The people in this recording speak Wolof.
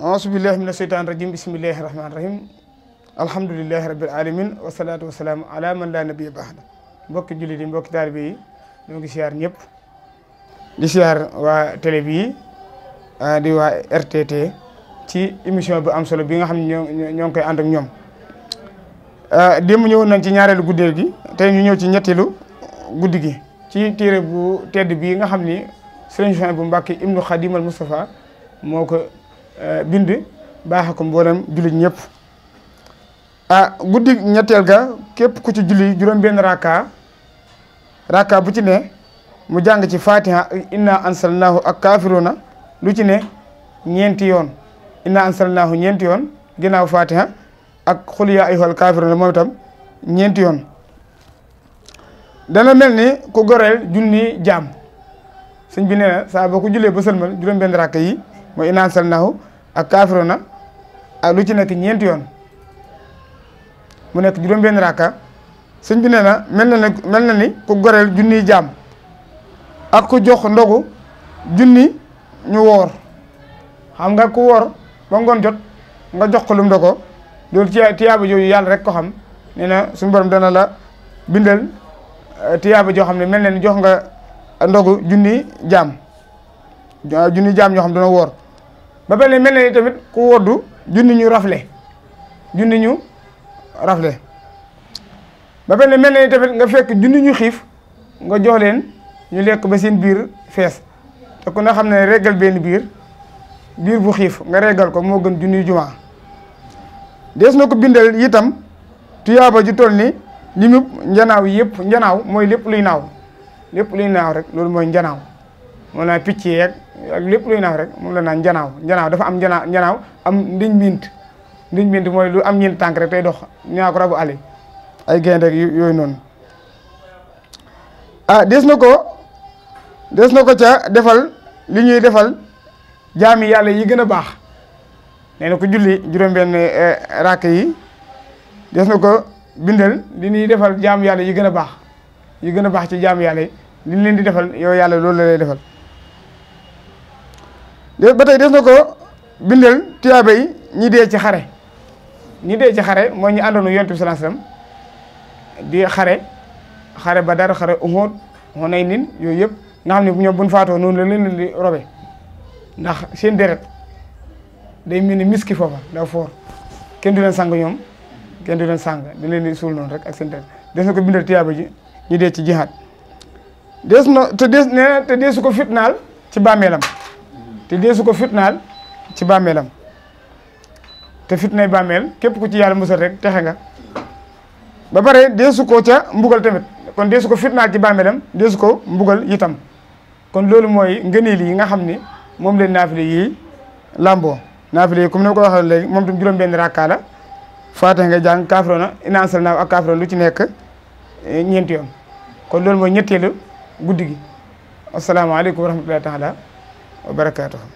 auzu billahi mina sheytaani rajim bismillahi rahmaani rahim alhamdulilahi rabil alamin wasalaatu wasalaam ala man laa nabiya ba'da mbokki jullit yi mbokki taalibe yi ñoo ngi siyaar ñëpp di siyaar waa télé bi ah, di am solo bi nga xam ne ñoo ngi koy ànd ak ñoom ah, démb ñëwoon nañ ci ñaareelu guddeel gi tey ñu ñëw ci ñetteelu guddi gi ci téere bu tedd bii nga xam ni sëriñ Juhaybu bu Mbàkke ibnu Xadimal Mustafa moo ko Euh, bind baaxe ko mboolem jullit ñëpp ah guddi ñetteel ga képp ku ci julli juróom-benn raaka raaka bu ci ne mu jàng ci fatiha inna ansalnaahu ak kafiruna lu ci ne ñeenti yoon inna ansalnaahu ñeenti yoon ginnaaw fatiha ak xul yaa ayyuhal moom itam ñeenti yoon dana mel ni ku goreel junni jaam sëñ bi nee na saa boo ko jullee ba sëlmal juróom-benn raaka yi mooy inaan sal nahu ak kaafirona ak lu ci nekk ñeenti yoon mu nekk juróom-benn raaka sëñ bi nee na mel na mel na ni ku goreel junni jaam ak ku jox ndogu junni ñu woor xam nga ngoon jot nga jox ko lum loolu ci tiyaaba rek ko xam suñu borom la bindal eh, tiyaaba joo xam ne mel na ni jox nga ndogu junni jaam junni jaam ñoo xam dana woor ba pare mel na ni tamit ku woddu junni ñu rafle junni ñu rafle ba pare mel na ni tamit nga fekk junni ñu xiif nga jox leen ñu lekk ba seen biir fees te ku ne xam ne reggal benn biir biir bu xiif nga regal ko moo gën junni jumaa des na ko bindal itam tuyaaba ju toll ni limu njanaaw yëpp njanaaw mooy lépp luy naaw lépp luy naaw rek loolu mooy njanaaw moo naa picc yeeg ak lépp luy naaw rek moom la naan njanaaw njanaaw dafa am njanaaw njanaaw am ndiñ miint ndiñ mint mooy lu am ñeent tànk rek tey dox ñaa ko rabu ali ay gaynde rek yooyu noonu ah des na ko des na ko ca defal li ñuy defal jaami yàlla yi gën a baax nee na julli juróom-benn eh, rakk yi des na ko bindal li ñuy defal jaam yàlla yi gën a baax yi gën a baax ci jaam yàlla yi li ñu leen di defal yow yàlla loolu la lay defal ba tey des na ko bindal tuyaaba yi ñi dee ci xare ñi dee ci xare mooy ñu àndoon yonent bi sallallahu alayhi wasallam di xare xare Badar xare Uhud niin yooyu yëpp nga xam ne ñoom buñ faatoo noonu la leen di robe ndax seen deret day mel ni miski foofa da foor kenn du leen sang ñoom kenn du leen sang dañ leen di suul noonu rek ak seen deret des na ko bindal tuyaaba ji ñu dee ci jihaad des na te des na te deesu ko fitnaal ci bàmmeelam te deesu ko fitnaal ci bàmmeelam te fitnay bàmmeel képp ku ci yàlla musal rek texe nga ba pare deesu ko ca mbugal tamit kon deesu ko fitnaal ci bàmmeelam deesu ko mbugal itam kon loolu mooy ngëneel yi nga xam ne moom leen naafile yi lamboo naafile yi comme ni ko waxee léegi moom tam juróom benn rakkaa la faatiha nga jàng kaafiroona inansal naa ak kaafiroona lu ci nekk e, ñeenti yoon kon loolu mooy ñetteelu guddi gi asalaamaaleykum wa rahmatullahi taala wa barakaatuhu